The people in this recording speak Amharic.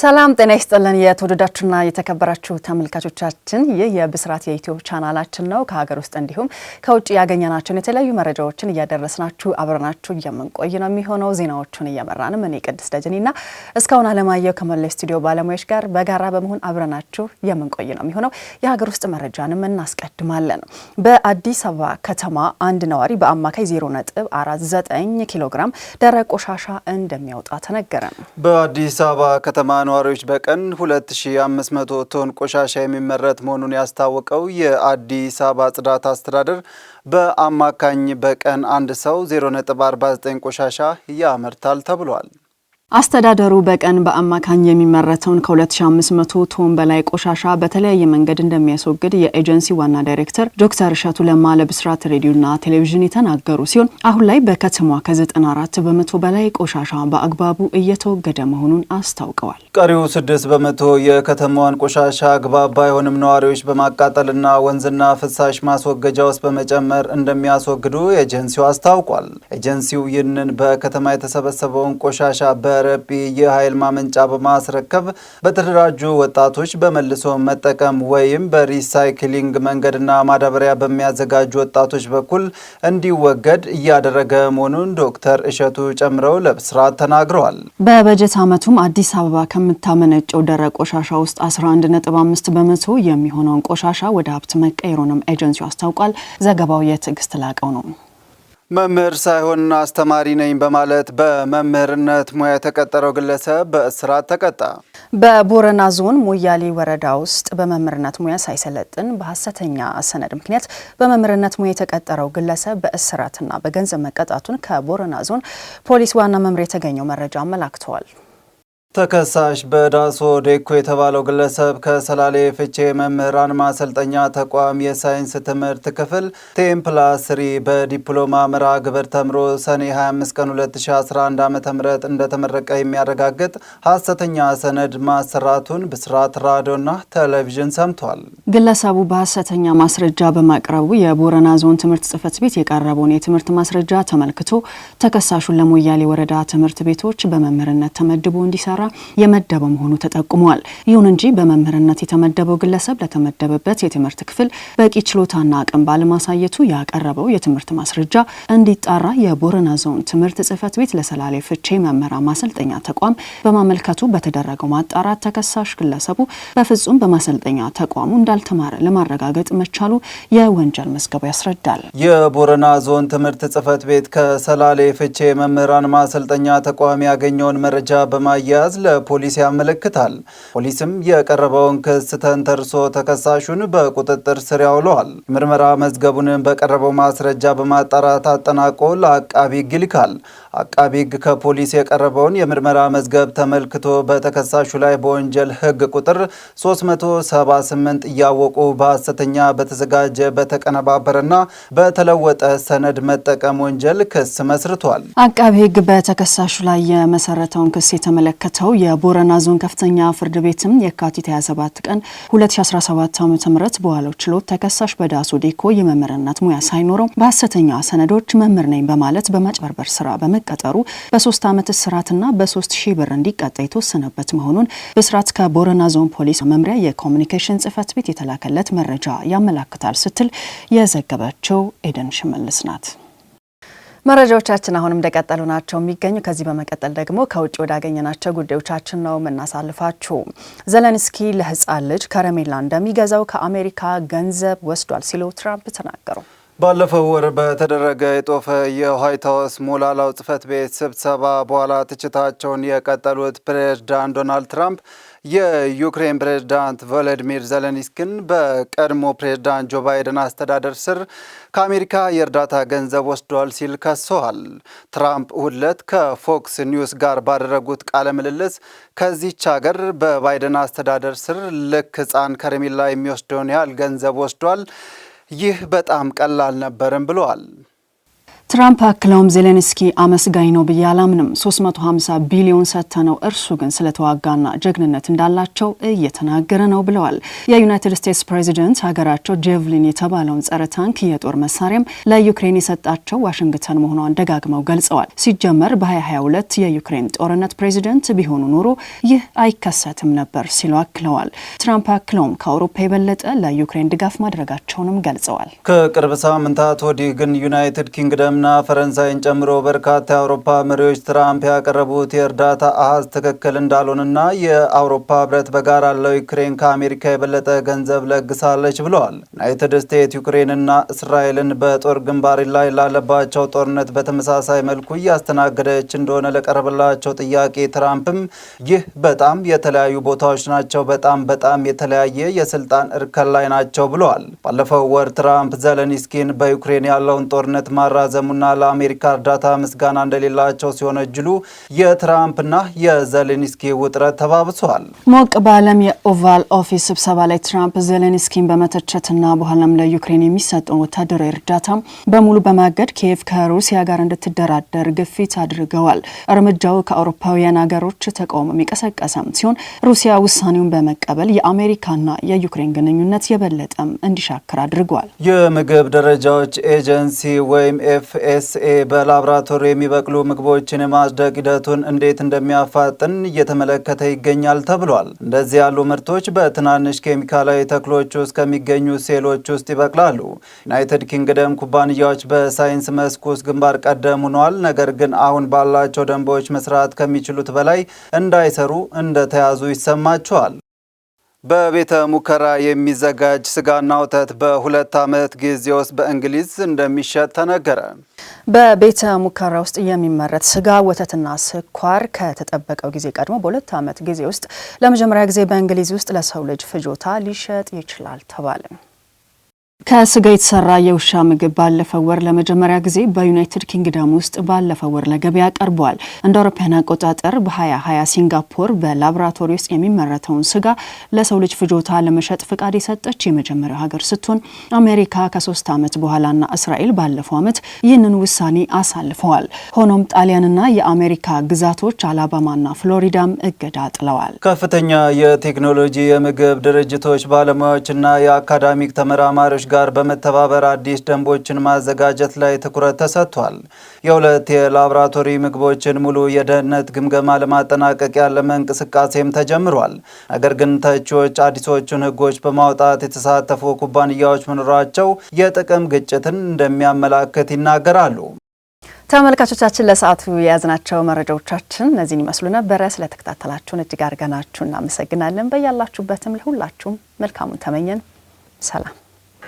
ሰላም ጤና ይስጥልን። የተወደዳችሁና የተከበራችሁ ተመልካቾቻችን ይህ የብስራት የዩቲዩብ ቻናላችን ነው። ከሀገር ውስጥ እንዲሁም ከውጭ ያገኘናቸውን የተለያዩ መረጃዎችን እያደረስናችሁ አብረናችሁ የምንቆይ ነው የሚሆነው። ዜናዎቹን እየመራንም እኔ ቅድስት ደጀኔና እስካሁን አለማየሁ ከመላው ስቱዲዮ ባለሙያዎች ጋር በጋራ በመሆን አብረናችሁ የምንቆይ ነው የሚሆነው። የሀገር ውስጥ መረጃንም እናስቀድማለን። በአዲስ አበባ ከተማ አንድ ነዋሪ በአማካይ 0.49 ኪሎ ግራም ደረቅ ቆሻሻ እንደሚያወጣ ተነገረ። በአዲስ አበባ ከተማ ነዋሪዎች በቀን 2500 ቶን ቆሻሻ የሚመረት መሆኑን ያስታወቀው የአዲስ አበባ ጽዳት አስተዳደር በአማካኝ በቀን አንድ ሰው 0.49 ቆሻሻ ያመርታል ተብሏል። አስተዳደሩ በቀን በአማካኝ የሚመረተውን ከ2500 ቶን በላይ ቆሻሻ በተለያየ መንገድ እንደሚያስወግድ የኤጀንሲ ዋና ዳይሬክተር ዶክተር እሸቱ ለማ ለብስራት ሬዲዮና ቴሌቪዥን የተናገሩ ሲሆን አሁን ላይ በከተማዋ ከ94 በመቶ በላይ ቆሻሻ በአግባቡ እየተወገደ መሆኑን አስታውቀዋል። ቀሪው 6 በመቶ የከተማዋን ቆሻሻ አግባብ ባይሆንም ነዋሪዎች በማቃጠልና ወንዝና ፍሳሽ ማስወገጃ ውስጥ በመጨመር እንደሚያስወግዱ ኤጀንሲው አስታውቋል። ኤጀንሲው ይህንን በከተማ የተሰበሰበውን ቆሻሻ በ ረቢ የኃይል ማመንጫ በማስረከብ በተደራጁ ወጣቶች በመልሶ መጠቀም ወይም በሪሳይክሊንግ መንገድና ማዳበሪያ በሚያዘጋጁ ወጣቶች በኩል እንዲወገድ እያደረገ መሆኑን ዶክተር እሸቱ ጨምረው ለብስራት ተናግረዋል። በበጀት ዓመቱም አዲስ አበባ ከምታመነጨው ደረቅ ቆሻሻ ውስጥ 5 በመቶ የሚሆነውን ቆሻሻ ወደ ሀብት መቀየሩንም ኤጀንሲው አስታውቋል። ዘገባው የትዕግስት ላቀው ነው። መምህር ሳይሆን አስተማሪ ነኝ በማለት በመምህርነት ሙያ የተቀጠረው ግለሰብ በእስራት ተቀጣ። በቦረና ዞን ሞያሌ ወረዳ ውስጥ በመምህርነት ሙያ ሳይሰለጥን በሐሰተኛ ሰነድ ምክንያት በመምህርነት ሙያ የተቀጠረው ግለሰብ በእስራትና በገንዘብ መቀጣቱን ከቦረና ዞን ፖሊስ ዋና መምሪያ የተገኘው መረጃ አመላክተዋል። ተከሳሽ በዳሶ ዴኮ የተባለው ግለሰብ ከሰላሌ ፍቼ መምህራን ማሰልጠኛ ተቋም የሳይንስ ትምህርት ክፍል ስሪ በዲፕሎማ መርሃ ግብር ተምሮ ሰኔ 25 ቀን 2011 ዓ ም እንደተመረቀ የሚያረጋግጥ ሐሰተኛ ሰነድ ማሰራቱን ብስራት ራዲዮና ቴሌቪዥን ሰምቷል። ግለሰቡ በሐሰተኛ ማስረጃ በማቅረቡ የቦረና ዞን ትምህርት ጽህፈት ቤት የቀረበውን የትምህርት ማስረጃ ተመልክቶ ተከሳሹን ለሞያሌ ወረዳ ትምህርት ቤቶች በመምህርነት ተመድቦ እንዲሰራ የመደበ መሆኑ ተጠቁሟል። ይሁን እንጂ በመምህርነት የተመደበው ግለሰብ ለተመደበበት የትምህርት ክፍል በቂ ችሎታና አቅም ባለማሳየቱ ያቀረበው የትምህርት ማስረጃ እንዲጣራ የቦረና ዞን ትምህርት ጽህፈት ቤት ለሰላሌ ፍቼ መምህራን ማሰልጠኛ ተቋም በማመልከቱ በተደረገው ማጣራት ተከሳሽ ግለሰቡ በፍጹም በማሰልጠኛ ተቋሙ እንዳልተማረ ለማረጋገጥ መቻሉ የወንጀል መዝገቡ ያስረዳል። የቦረና ዞን ትምህርት ጽህፈት ቤት ከሰላሌ ፍቼ መምህራን ማሰልጠኛ ተቋም ያገኘውን መረጃ በማያያዝ ለፖሊስ ያመለክታል። ፖሊስም የቀረበውን ክስ ተንተርሶ ተከሳሹን በቁጥጥር ስር ያውለዋል። ምርመራ መዝገቡን በቀረበው ማስረጃ በማጣራት አጠናቆ ለአቃቢ ሕግ ይልካል። አቃቢ ሕግ ከፖሊስ የቀረበውን የምርመራ መዝገብ ተመልክቶ በተከሳሹ ላይ በወንጀል ሕግ ቁጥር 378 እያወቁ በሐሰተኛ በተዘጋጀ በተቀነባበረና በተለወጠ ሰነድ መጠቀም ወንጀል ክስ መስርቷል። አቃቢ ሕግ በተከሳሹ ላይ የመሰረተውን ክስ የተመለከተ የተመለከተው የቦረና ዞን ከፍተኛ ፍርድ ቤትም የካቲት 27 ቀን 2017 ዓ ም በዋለው ችሎት ተከሳሽ በዳሶ ዴኮ የመምህርነት ሙያ ሳይኖረው በሐሰተኛ ሰነዶች መምህር ነኝ በማለት በማጭበርበር ስራ በመቀጠሩ በሶስት ዓመት እስራትና በሶስት ሺህ ብር እንዲቀጣ የተወሰነበት መሆኑን ብስራት ከቦረና ዞን ፖሊስ መምሪያ የኮሚኒኬሽን ጽህፈት ቤት የተላከለት መረጃ ያመላክታል ስትል የዘገበችው ኤደን ሽመልስ ናት። መረጃዎቻችን አሁንም እንደቀጠሉ ናቸው የሚገኙ። ከዚህ በመቀጠል ደግሞ ከውጭ ወዳገኘናቸው ጉዳዮቻችን ነው የምናሳልፋችሁ። ዘለንስኪ ለህፃን ልጅ ከረሜላ እንደሚገዛው ከአሜሪካ ገንዘብ ወስዷል ሲሉ ትራምፕ ተናገሩ። ባለፈው ወር በተደረገ የጦፈ የዋይት ሀውስ ሞላላው ጽህፈት ቤት ስብሰባ በኋላ ትችታቸውን የቀጠሉት ፕሬዝዳንት ዶናልድ ትራምፕ የዩክሬን ፕሬዝዳንት ቮሎዲሚር ዘለንስኪን በቀድሞ ፕሬዝዳንት ጆ ባይደን አስተዳደር ስር ከአሜሪካ የእርዳታ ገንዘብ ወስደዋል ሲል ከሰዋል። ትራምፕ እሁድ ዕለት ከፎክስ ኒውስ ጋር ባደረጉት ቃለ ምልልስ ከዚች ሀገር በባይደን አስተዳደር ስር ልክ ሕፃን ከረሜላ የሚወስደውን ያህል ገንዘብ ወስዷል፣ ይህ በጣም ቀላል ነበርም ብለዋል። ትራምፕ አክለውም ዜሌንስኪ አመስጋኝ ነው ብዬ አላምንም፣ 350 ቢሊዮን ሰጥተ ነው እርሱ ግን ስለተዋጋና ጀግንነት እንዳላቸው እየተናገረ ነው ብለዋል። የዩናይትድ ስቴትስ ፕሬዚደንት ሀገራቸው ጄቭሊን የተባለውን ጸረ ታንክ የጦር መሳሪያም ለዩክሬን የሰጣቸው ዋሽንግተን መሆኗን ደጋግመው ገልጸዋል። ሲጀመር በ2022 የዩክሬን ጦርነት ፕሬዚደንት ቢሆኑ ኖሮ ይህ አይከሰትም ነበር ሲሉ አክለዋል። ትራምፕ አክለውም ከአውሮፓ የበለጠ ለዩክሬን ድጋፍ ማድረጋቸውንም ገልጸዋል። ከቅርብ ሳምንታት ወዲህ ግን ዩናይትድ ኪንግደም ጀርመንና ፈረንሳይን ጨምሮ በርካታ የአውሮፓ መሪዎች ትራምፕ ያቀረቡት የእርዳታ አሃዝ ትክክል እንዳልሆነና የአውሮፓ ህብረት በጋራ ያለው ዩክሬን ከአሜሪካ የበለጠ ገንዘብ ለግሳለች ብለዋል። ዩናይትድ ስቴትስ ዩክሬንና እስራኤልን በጦር ግንባር ላይ ላለባቸው ጦርነት በተመሳሳይ መልኩ እያስተናገደች እንደሆነ ለቀረበላቸው ጥያቄ ትራምፕም ይህ በጣም የተለያዩ ቦታዎች ናቸው፣ በጣም በጣም የተለያየ የስልጣን እርከን ላይ ናቸው ብለዋል። ባለፈው ወር ትራምፕ ዘለንስኪን በዩክሬን ያለውን ጦርነት ማራዘም እንደተቃወሙና ለአሜሪካ እርዳታ ምስጋና እንደሌላቸው ሲወነጅሉ የትራምፕና የዘሌንስኪ ውጥረት ተባብሷል። ሞቅ በዓለም የኦቫል ኦፊስ ስብሰባ ላይ ትራምፕ ዘሌንስኪን በመተቸትና በኋላም ለዩክሬን የሚሰጠውን ወታደራዊ እርዳታ በሙሉ በማገድ ኪየቭ ከሩሲያ ጋር እንድትደራደር ግፊት አድርገዋል። እርምጃው ከአውሮፓውያን ሀገሮች ተቃውሞ የሚቀሰቀሰም ሲሆን ሩሲያ ውሳኔውን በመቀበል የአሜሪካና የዩክሬን ግንኙነት የበለጠም እንዲሻክር አድርጓል። የምግብ ደረጃዎች ኤጀንሲ ወይም ኤፍ ኤፍኤስኤ በላብራቶሪ የሚበቅሉ ምግቦችን የማጽደቅ ሂደቱን እንዴት እንደሚያፋጥን እየተመለከተ ይገኛል ተብሏል። እንደዚህ ያሉ ምርቶች በትናንሽ ኬሚካላዊ ተክሎች ውስጥ ከሚገኙ ሴሎች ውስጥ ይበቅላሉ። ዩናይትድ ኪንግደም ኩባንያዎች በሳይንስ መስክ ውስጥ ግንባር ቀደም ሆኗል። ነገር ግን አሁን ባላቸው ደንቦች መስራት ከሚችሉት በላይ እንዳይሰሩ እንደተያዙ ይሰማቸዋል። በቤተ ሙከራ የሚዘጋጅ ስጋና ወተት በሁለት ዓመት ጊዜ ውስጥ በእንግሊዝ እንደሚሸጥ ተነገረ። በቤተ ሙከራ ውስጥ የሚመረት ስጋ፣ ወተትና ስኳር ከተጠበቀው ጊዜ ቀድሞ በሁለት ዓመት ጊዜ ውስጥ ለመጀመሪያ ጊዜ በእንግሊዝ ውስጥ ለሰው ልጅ ፍጆታ ሊሸጥ ይችላል ተባለ። ከስጋ የተሰራ የውሻ ምግብ ባለፈው ወር ለመጀመሪያ ጊዜ በዩናይትድ ኪንግደም ውስጥ ባለፈው ወር ለገበያ ቀርቧል። እንደ አውሮፓውያን አቆጣጠር በ2020 ሲንጋፖር በላብራቶሪ ውስጥ የሚመረተውን ስጋ ለሰው ልጅ ፍጆታ ለመሸጥ ፍቃድ የሰጠች የመጀመሪያው ሀገር ስትሆን አሜሪካ ከሶስት ዓመት በኋላና እስራኤል ባለፈው ዓመት ይህንን ውሳኔ አሳልፈዋል። ሆኖም ጣሊያንና የአሜሪካ ግዛቶች አላባማና ፍሎሪዳም እገዳ ጥለዋል። ከፍተኛ የቴክኖሎጂ የምግብ ድርጅቶች ባለሙያዎችና የአካዳሚክ ተመራማሪዎች ጋር በመተባበር አዲስ ደንቦችን ማዘጋጀት ላይ ትኩረት ተሰጥቷል። የሁለት የላብራቶሪ ምግቦችን ሙሉ የደህንነት ግምገማ ለማጠናቀቅ ያለመ እንቅስቃሴም ተጀምሯል። ነገር ግን ተቺዎች አዲሶቹን ሕጎች በማውጣት የተሳተፉ ኩባንያዎች መኖራቸው የጥቅም ግጭትን እንደሚያመላክት ይናገራሉ። ተመልካቾቻችን ለሰዓቱ የያዝናቸው መረጃዎቻችን እነዚህን ይመስሉ ነበረ። ስለተከታተላችሁን እጅግ አድርገናችሁ እናመሰግናለን። በያላችሁበትም ለሁላችሁም መልካሙን ተመኘን። ሰላም